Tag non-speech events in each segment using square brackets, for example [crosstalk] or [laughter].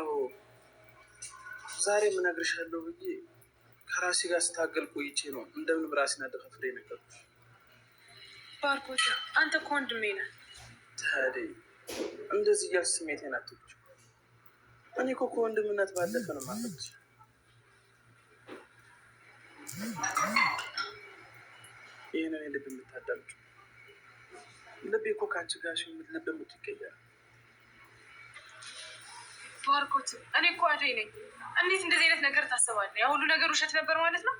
አዎ ዛሬ ምነግርሻለሁ ብዬ ከራሴ ጋር ስታገል ቆይቼ ነው እንደምንም ራሴን አደፋፍሬ ነገር ባርኮት አንተ እኮ ወንድሜ ነህ። ታዲያ እንደዚህ እያልሽ ስሜቴን አትች እኔ እኮ ከወንድምነት ባለፈ ነው ማለት ይህንን ልብ የምታዳምጪው ልቤ እኮ ከአንቺ ጋር ልብ የምትቀያል ባርኮት እኔ እኮ አደይ ነኝ። እንዴት እንደዚህ አይነት ነገር ታስባለህ? ያ ሁሉ ነገር ውሸት ነበር ማለት ነው?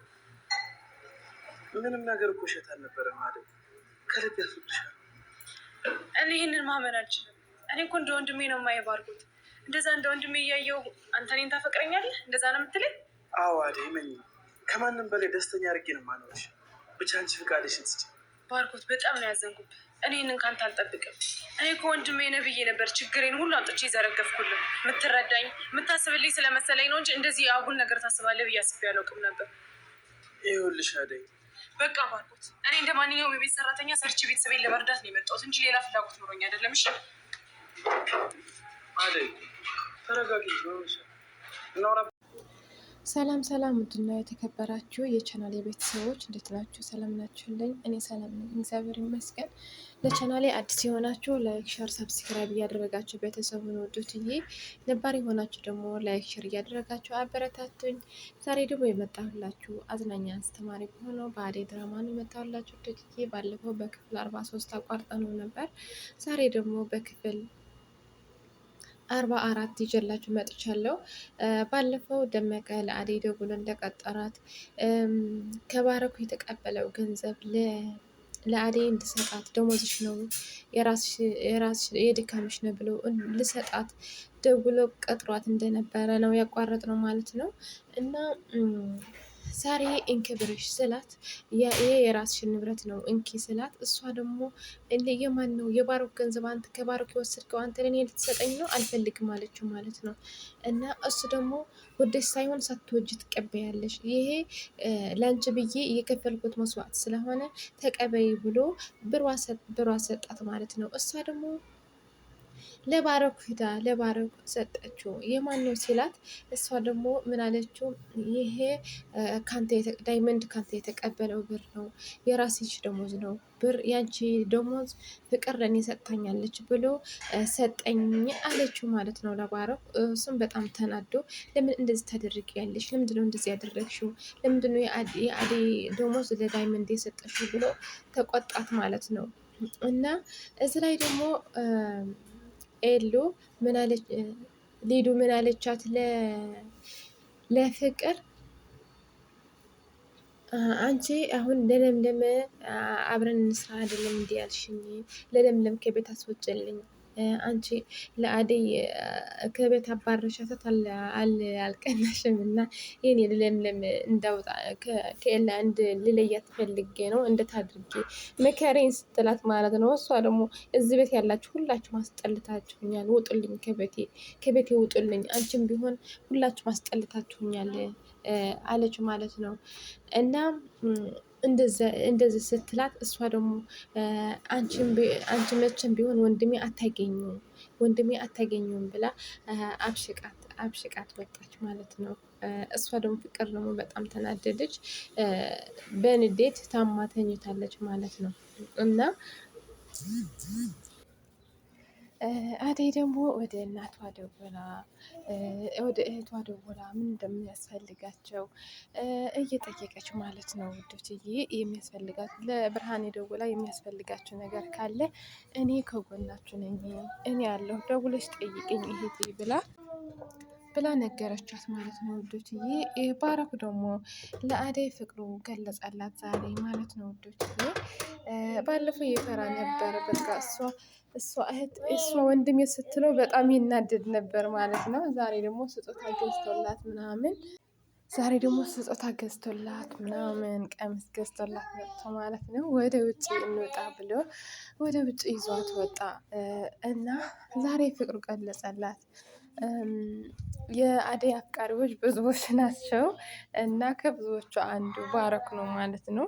ምንም ነገር እኮ ውሸት አልነበረም አደይ፣ ከልብ ያፍልሻል። እኔ ይህንን ማመን አልችልም። እኔ እኮ እንደ ወንድሜ ነው የማየው ባርኮት። እንደዛ እንደ ወንድሜ እያየው አንተ እኔን ታፈቅረኛለህ? እንደዛ ነው የምትለኝ? አዎ አደ ይመኝ። ከማንም በላይ ደስተኛ አድርጌ ነው ማኖርሽ። ብቻ አንቺ ፍቃድሽን ባርኮት፣ በጣም ነው ያዘንኩብህ እኔ ንን አልጠብቅም። እኔ ከወንድሜ ነብዬ ነበር ችግሬን ሁሉ አምጥቼ ዘረገፍኩልን። የምትረዳኝ የምታስብልኝ ስለመሰለኝ ነው እንጂ እንደዚህ አጉል ነገር ታስባለህ ብዬ አስቤ አላውቅም ነበር። ይኸውልሽ አደይ በቃ ባልኩት፣ እኔ እንደ ማንኛውም የቤት ሰራተኛ ሰርች ቤተሰቤን ለመርዳት ነው የመጣሁት እንጂ ሌላ ፍላጎት ኖሮኝ አይደለም። እሺ አደይ ተረጋጊ፣ እናውራ ሰላም ሰላም፣ ውድና የተከበራችሁ የቻናል ቤተሰቦች እንዴት ናችሁ? ሰላም ናችሁልኝ? እኔ ሰላም ነኝ፣ እግዚአብሔር ይመስገን። ለቻናሌ አዲስ የሆናችሁ ላይክ፣ ሸር፣ ሰብስክራይብ እያደረጋችሁ ቤተሰቡን ወዱት። ይሄ ነባር የሆናችሁ ደግሞ ላይክ፣ ሸር እያደረጋችሁ አበረታቱኝ። ዛሬ ደግሞ የመጣሁላችሁ አዝናኛ አስተማሪ በሆነው በአደይ ድራማ ነው የመጣሁላችሁ። ድርጊ ባለፈው በክፍል አርባ ሶስት አቋርጠነው ነበር። ዛሬ ደግሞ በክፍል አርባ አራት ይዤላችሁ መጥቻለሁ። ባለፈው ደመቀ ለአደይ ደውሎ እንደቀጠራት ከባረኩ የተቀበለው ገንዘብ ለአደይ እንድሰጣት ደሞዝሽ ነው የድካምሽ ነው ብሎ ልሰጣት ደውሎ ቀጥሯት እንደነበረ ነው ያቋረጥ ነው ማለት ነው እና ዛሬ እንክብርሽ ስላት ይሄ የራስሽን ንብረት ነው እንኪ ስላት፣ እሷ ደግሞ የማን ነው የባሮክ ገንዘብ አንተ ከባሮክ የወሰድከው አንተ ለእኔ ልትሰጠኝ ነው አልፈልግም አለችው ማለት ነው። እና እሱ ደግሞ ወደሽ ሳይሆን ሳትወጅ ትቀበያለሽ፣ ይሄ ለአንቺ ብዬ የከፈልኩት መስዋዕት ስለሆነ ተቀበይ ብሎ ብሯ ሰጣት ማለት ነው። እሷ ደግሞ ለባረኩ ሂዳ ለባረኩ ሰጠችው። ነው ሲላት እሷ ደግሞ ምን አለችው? ይሄ ዳይመንድ ካንተ የተቀበለው ብር ነው፣ የራስሽ ደሞዝ ነው ብር ያንቺ ደሞዝ ፍቅር ለእኔ ሰጥታኛለች ብሎ ሰጠኝ አለችው ማለት ነው ለባረኩ። እሱም በጣም ተናዶ ለምን እንደዚህ ታደርጊያለሽ? ለምንድን ነው እንደዚህ ያደረግሽው? ለምንድን ነው የአዴ ደሞዝ ለዳይመንድ የሰጠሽው ብሎ ተቆጣት ማለት ነው። እና እዚህ ላይ ደግሞ ኤሉ ሊዱ ምን አለቻት ለፍቅር አንቺ አሁን ለለምለም አብረን እንስራ አይደለም እንዲህ ለለምለም ከቤት አስወጭልኝ አንቺ ለአደይ ከቤት አባረሻታት አልቀናሽም እና ይህን ለምለም እንዳውጣ ከኤላ እንድ ልለያት ፈልጌ ነው እንደት መከሬን ስትላት ማለት ነው። እሷ ደግሞ እዚህ ቤት ያላችሁ ሁላችሁ ማስጠልታችሁኛል፣ ውጡልኝ፣ ከቤቴ ከቤቴ ውጡልኝ፣ አንቺም ቢሆን ሁላችሁ ማስጠልታችሁኛል አለች ማለት ነው እና እንደዚህ ስትላት እሷ ደግሞ አንቺ መቼም ቢሆን ወንድሜ አታገኘውም ወንድሜ አታገኙም ብላ አብሽቃት አብሽቃት ወጣች ማለት ነው። እሷ ደግሞ ፍቅር ደግሞ በጣም ተናደደች፣ በንዴት ታማ ተኝታለች ማለት ነው እና አደይ ደግሞ ወደ እናቷ ደውላ ወደ እህቷ ደውላ ምን እንደሚያስፈልጋቸው እየጠየቀች ማለት ነው። ውዶችዬ የሚያስፈልጋት ለብርሃን ደውላ የሚያስፈልጋቸው ነገር ካለ እኔ ከጎናችሁ ነኝ፣ እኔ ያለሁ ደውለሽ ጠይቅኝ እህቴ ብላ ብላ ነገረቻት ማለት ነው ውዶትዬ። ባረኩ ደግሞ ለአደይ ፍቅሩ ገለጸላት ዛሬ ማለት ነው ውዶትዬ። ባለፈው የፈራ ነበር በቃ እሷ እሷ እህት እሷ ወንድሜ ስትለው በጣም ይናደድ ነበር ማለት ነው። ዛሬ ደግሞ ስጦታ ገዝቶላት ምናምን ዛሬ ደግሞ ስጦታ ገዝቶላት ምናምን ቀሚስ ገዝቶላት መጥቶ ማለት ነው ወደ ውጭ እንወጣ ብሎ ወደ ውጭ ይዟት ወጣ እና ዛሬ ፍቅሩ ገለጸላት። የአደይ አፍቃሪዎች ብዙዎች ናቸው እና ከብዙዎቹ አንዱ ባረኩ ነው ማለት ነው።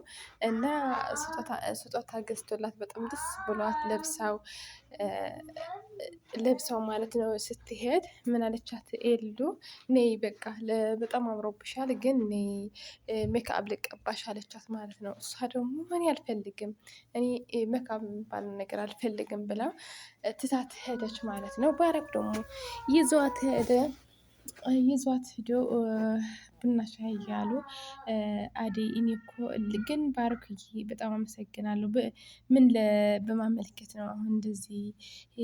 እና ስጦታ ገዝቶላት በጣም ደስ ብሏት ለብሳው ለብሰው ማለት ነው ስትሄድ ምን አለቻት? ኤልዱ ነይ በቃ በጣም አምሮብሻል፣ ግን ነይ ሜካፕ ልቀባሽ አለቻት ማለት ነው። እሷ ደግሞ እኔ አልፈልግም እኔ ሜካፕ የሚባል ነገር አልፈልግም ብላ ትታት ሄደች ማለት ነው። ባረክ ደግሞ ይዟት ሄደ። ይዟት ሂዶ ቡና ሻይ እያሉ አደይ እኔ እኮ ግን ባርኩዬ በጣም አመሰግናለሁ። ምን በማመልከት ነው አሁን እንደዚህ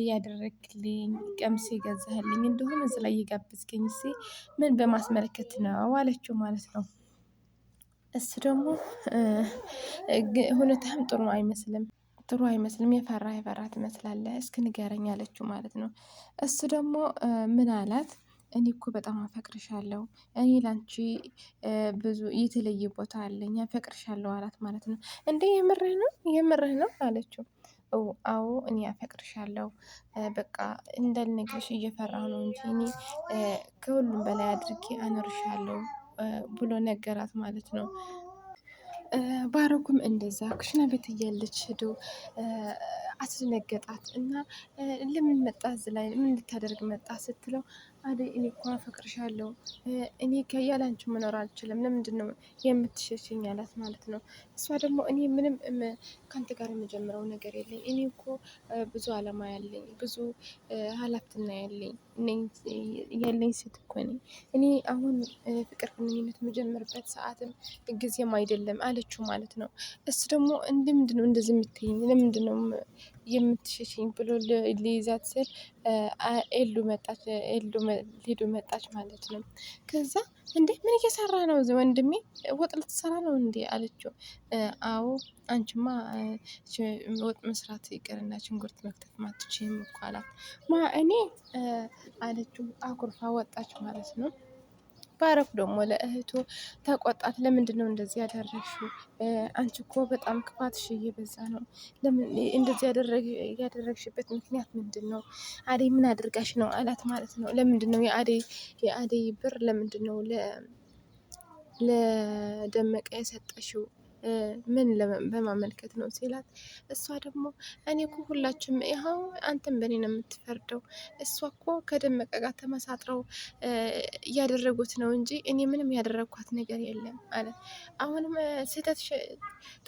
እያደረግልኝ ቀሚስ ይገዛህልኝ እንዲሁም እዚ ላይ የጋበዝከኝ ሴ ምን በማስመልከት ነው አለችው ማለት ነው። እሱ ደግሞ ሁኔታህም ጥሩ አይመስልም ጥሩ አይመስልም የፈራ የፈራ ትመስላለህ፣ እስኪ ንገረኝ አለችው ማለት ነው። እሱ ደግሞ ምን አላት እኔ እኮ በጣም አፈቅርሻለሁ፣ እኔ ላንቺ ብዙ የተለየ ቦታ አለኝ፣ አፈቅርሻለሁ አላት ማለት ነው። እንዴ የምርህ ነው የምርህ ነው አለችው። አዎ እኔ አፈቅርሻለሁ፣ በቃ እንዳልነግርሽ እየፈራሁ ነው እንጂ እኔ ከሁሉም በላይ አድርጌ አኖርሻለሁ ብሎ ነገራት ማለት ነው። ባረኩም እንደዛ ኩሽና ቤት እያለች ሄዶ አስደነገጣት እና ለምን መጣ እዚህ ላይ ምን ልታደርግ መጣ ስትለው አደይ እኔ እኮ አፈቅርሻለሁ እኔ ከያለ አንቺ መኖር አልችልም፣ ለምንድን ነው የምትሸሽኝ? አላት ማለት ነው። እሷ ደግሞ እኔ ምንም ከአንተ ጋር የምጀምረው ነገር የለኝ፣ እኔ እኮ ብዙ አላማ ያለኝ ብዙ ሀላፍትና ያለኝ ያለኝ ሴት እኮ ነኝ። እኔ አሁን ፍቅር ግንኙነት የምጀምርበት ሰዓትም ጊዜም አይደለም አለችው ማለት ነው። እሱ ደግሞ እንደምንድነው ነው እንደዚህ የምትይኝ? ለምንድን ነው የምትሸሽኝ ብሎ ሊይዛት ስል ኤሉ መጣች፣ ኤሉ ሊዱ መጣች ማለት ነው። ከዛ እንዴ ምን እየሰራ ነው ወንድሜ? ወጥ ልትሰራ ነው እንዴ አለችው። አዎ አንቺማ ወጥ መስራት ይቅርና ሽንኩርት መክተፍ ማትችይም እኮ አላት። ማ እኔ አለችው። አኩርፋ ወጣች ማለት ነው። ባረኩ ደግሞ ለእህቱ ተቆጣት። ለምንድን ነው እንደዚህ ያደረግሽው? አንቺ እኮ በጣም ክፋትሽ እየበዛ ነው። እንደዚህ ያደረግሽበት ምክንያት ምንድን ነው? አደይ ምን አድርጋሽ ነው አላት ማለት ነው። ለምንድን ነው የአደይ ብር ለምንድን ነው ለደመቀ የሰጠሽው? ምን በማመልከት ነው ሲላት፣ እሷ ደግሞ እኔ እኮ ሁላችሁም ይኸው አንተም በእኔ ነው የምትፈርደው፣ እሷ እኮ ከደመቀ ጋር ተመሳጥረው እያደረጉት ነው እንጂ እኔ ምንም ያደረግኳት ነገር የለም አለ። አሁንም ስህተት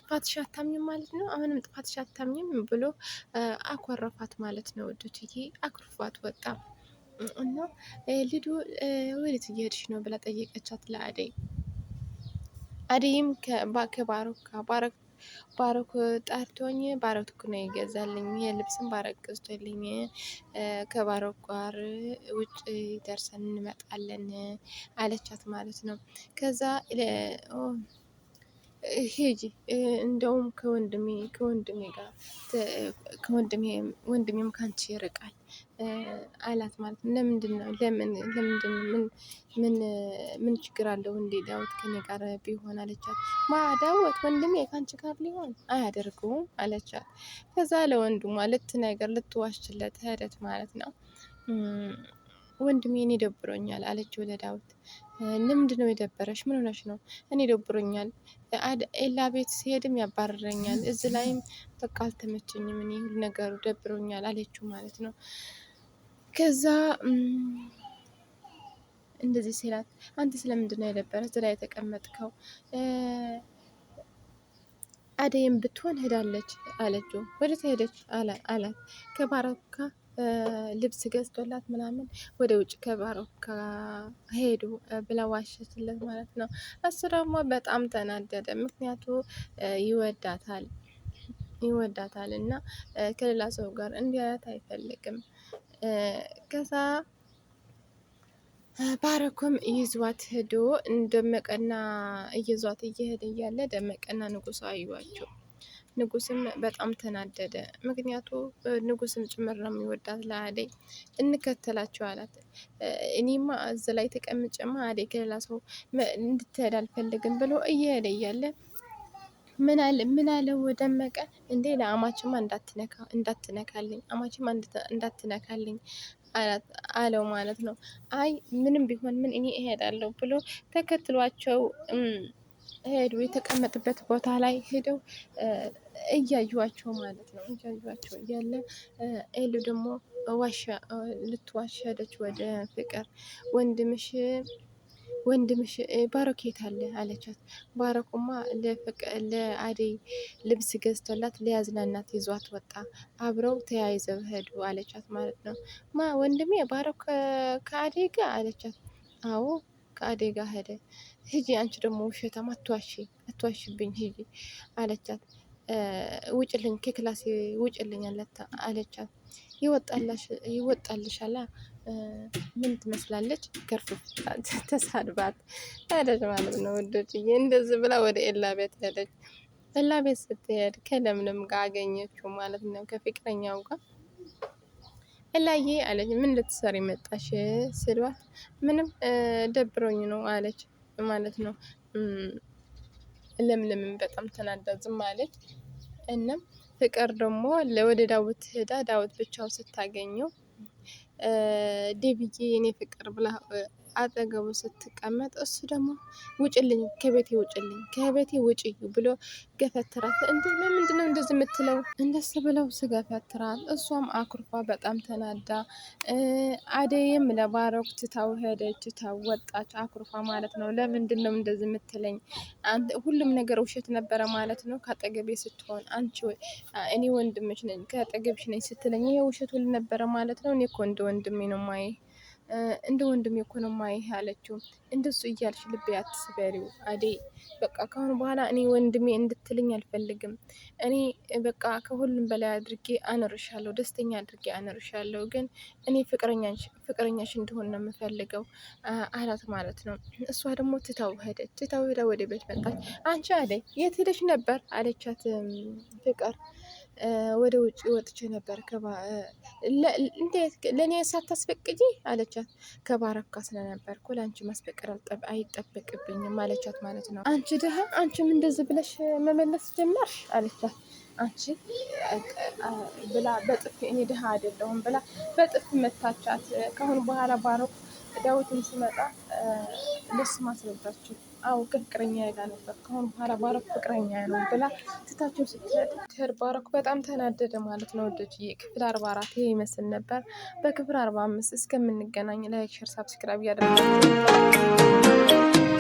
ጥፋትሽ አታምኝም ማለት ነው፣ አሁንም ጥፋትሽ አታምኝም ብሎ አኮረፋት ማለት ነው። ወዶችዬ አኩርፏት ወጣ እና ልዱ ወዴት እየሄድሽ ነው ብላ ጠየቀቻት ለአደይ አደይም ከባሮክ ባሮክ ባሮክ ጣርቶኝ ባሮክ ነው ይገዛልኝ ይሄ ልብስም ባሮክ ገዝቶልኝ ከባሮክ ጋር ውጭ ደርሰን እንመጣለን አለቻት ማለት ነው። ከዛ ሄጂ እንደውም ከወንድሜ ከወንድሜ ጋር ከወንድሜም ከአንቺ ይርቃል አላት ማለት ነው። ለምንድን ነው ለምን ለምንድን ምን ምን ምን ችግር አለው እንዴ ዳዊት ከኔ ጋር ቢሆን አለቻት። ማ ዳዊት ወንድሜ ከአንቺ ጋር ሊሆን አያደርገውም አለቻት። ከዛ ለወንድሟ ልትነግር ልትዋሽለት ሄደት ማለት ነው። ወንድሜ እኔ ደብሮኛል አለችው ለዳዊት። ለምንድን ነው የደበረሽ? ምን ሆነሽ ነው? እኔ ደብሮኛል። ኤላ ቤት ሲሄድም ያባረረኛል። እዚ ላይም በቃ አልተመቸኝም፣ እኔ ሁሉ ነገሩ ደብሮኛል አለችው ማለት ነው። ከዛ እንደዚህ ሲላት አንተ ስለምንድን ነው የነበረ ዝላ የተቀመጥከው? አደይም ብትሆን ሄዳለች አለችው። ወደ ሄደች አላት። ከባሮካ ልብስ ገዝቶላት ምናምን ወደ ውጭ ከባሮካ ሄዱ ብላ ዋሸችለት ማለት ነው። እሱ ደግሞ በጣም ተናደደ። ምክንያቱ ይወዳታል ይወዳታል እና ከሌላ ሰው ጋር እንዲያያት አይፈልግም። ከዛ ባረኩም ይዟት ሄዶ ደመቀና እየዟት እየሄደ እያለ ደመቀና ንጉሱ አዩዋቸው። ንጉስም በጣም ተናደደ። ምክንያቱ ንጉስም ጭምር ነው የሚወዳት ለአደይ እንከተላቸው አላት። እኔማ እዚ ላይ ተቀምጨማ አደይ ከሌላ ሰው እንድትሄድ አልፈልግም ብሎ እየሄደ እያለ ምን አለው ወደመቀ እንዴ ለአማችማ እንዳትነካ እንዳትነካልኝ አማችማ እንዳትነካልኝ አለው ማለት ነው። አይ ምንም ቢሆን ምን እኔ እሄዳለሁ ብሎ ተከትሏቸው ሄዱ። የተቀመጥበት ቦታ ላይ ሄደው እያዩዋቸው ማለት ነው። እያዩዋቸው እያለ ኤሉ ደግሞ ዋሻ ልትዋሸደች ወደ ፍቅር ወንድምሽ ወንድምሽ ባሮክ የት አለ አለቻት። ባሮክማ ለአደይ ልብስ ገዝቶላት ሊያዝናናት ይዟት ወጣ፣ አብረው ተያይዘው ሄዱ አለቻት ማለት ነው። ማ ወንድሜ ባሮክ ከአደይ ጋ አለቻት። አዎ ከአደይ ጋ ሄደ። ሂጂ አንቺ ደግሞ ውሸታም አትዋሺ፣ አትዋሽብኝ ሂጂ አለቻት። ውጭልኝ ከክላሴ ውጭልኝ አለቻት። ይወጣልሻላ ምን ትመስላለች? ገርፍፍ [laughs] ተሳድባት ሄደች ማለት ነው ውዶችዬ። እንደዚህ ብላ ወደ ኤላ ቤት ሄደች። ኤላ ቤት ስትሄድ ከለምለም ጋር አገኘችው ማለት ነው ከፍቅረኛው ጋር ኤላዬ አለች። ምን ልትሰሪ መጣሽ ስልባት፣ ምንም ደብሮኝ ነው አለች ማለት ነው። ለምለምን በጣም ተናዳ ዝም አለች። እናም ፍቅር ደግሞ ወደ ዳዊት ሄዳ ዳዊት ብቻው ስታገኘው ዴብዬ የኔ ፍቅር ብላ አጠገቡ ስትቀመጥ እሱ ደግሞ ውጭልኝ፣ ከቤቴ ውጭልኝ፣ ከቤቴ ውጭ ብሎ ገፈትራት። እንዲ ለምንድን ነው እንደዚህ የምትለው? እንደስ ብለው ስገፈትራት እሷም አኩርፋ በጣም ተናዳ፣ አደይም ለባሮክ ትታው ሄደች፣ ትታው ወጣች። አኩርፋ ማለት ነው። ለምንድን ነው እንደዚህ የምትለኝ? ሁሉም ነገር ውሸት ነበረ ማለት ነው። ከአጠገቤ ስትሆን አንቺ እኔ ወንድምሽ ነኝ ከአጠገብሽ ነኝ ስትለኝ ይሄ ውሸት ሁሉ ነበረ ማለት ነው። እኔ እኮ እንደ ወንድሜ ነው ማየ እንደ ወንድም የኮነ ማይህ አለችው። እንደሱ እያልሽ ልቤ አትስበሪው አደይ። በቃ ካሁን በኋላ እኔ ወንድሜ እንድትልኝ አልፈልግም። እኔ በቃ ከሁሉም በላይ አድርጌ አኖርሻለሁ፣ ደስተኛ አድርጌ አኖርሻለሁ። ግን እኔ ፍቅረኛሽ እንደሆን ነው የምፈልገው አላት ማለት ነው። እሷ ደግሞ ትታው ሄደች። ትታው ሄዳ ወደ ቤት መጣች። አንቺ አደይ የት ሄደሽ ነበር አለቻት ፍቅር ወደ ውጭ ወጥቼ ነበር። እንዴት ለእኔ ሳታስፈቅጂ አለቻት። ከባረካ ስለነበርኩ ለአንቺ ማስፈቀድ አይጠበቅብኝም አለቻት ማለት ነው። አንቺ ድሃ አንቺም እንደዚህ ብለሽ መመለስ ጀመርሽ አለቻት። አንቺ ብላ በጥፊ እኔ ድሀ አይደለሁም ብላ በጥፊ መታቻት። ከአሁን በኋላ ባረኩ ዳዊትም ሲመጣ ልስማ አስረዳችው። አው ከፍቅረኛ ጋር ነበር፣ ከሆኑ በኋላ ባረኩ ፍቅረኛ ነው ብላ ትታችሁ ስትሄድ ትር ባረኩ በጣም ተናደደ ማለት ነው። ወደች ክፍል አርባ አራት ይሄ ይመስል ነበር። በክፍል አርባ አምስት እስከምንገናኝ ላይክ፣ ሸር፣ ሳብስክራይብ እያደረጋችሁ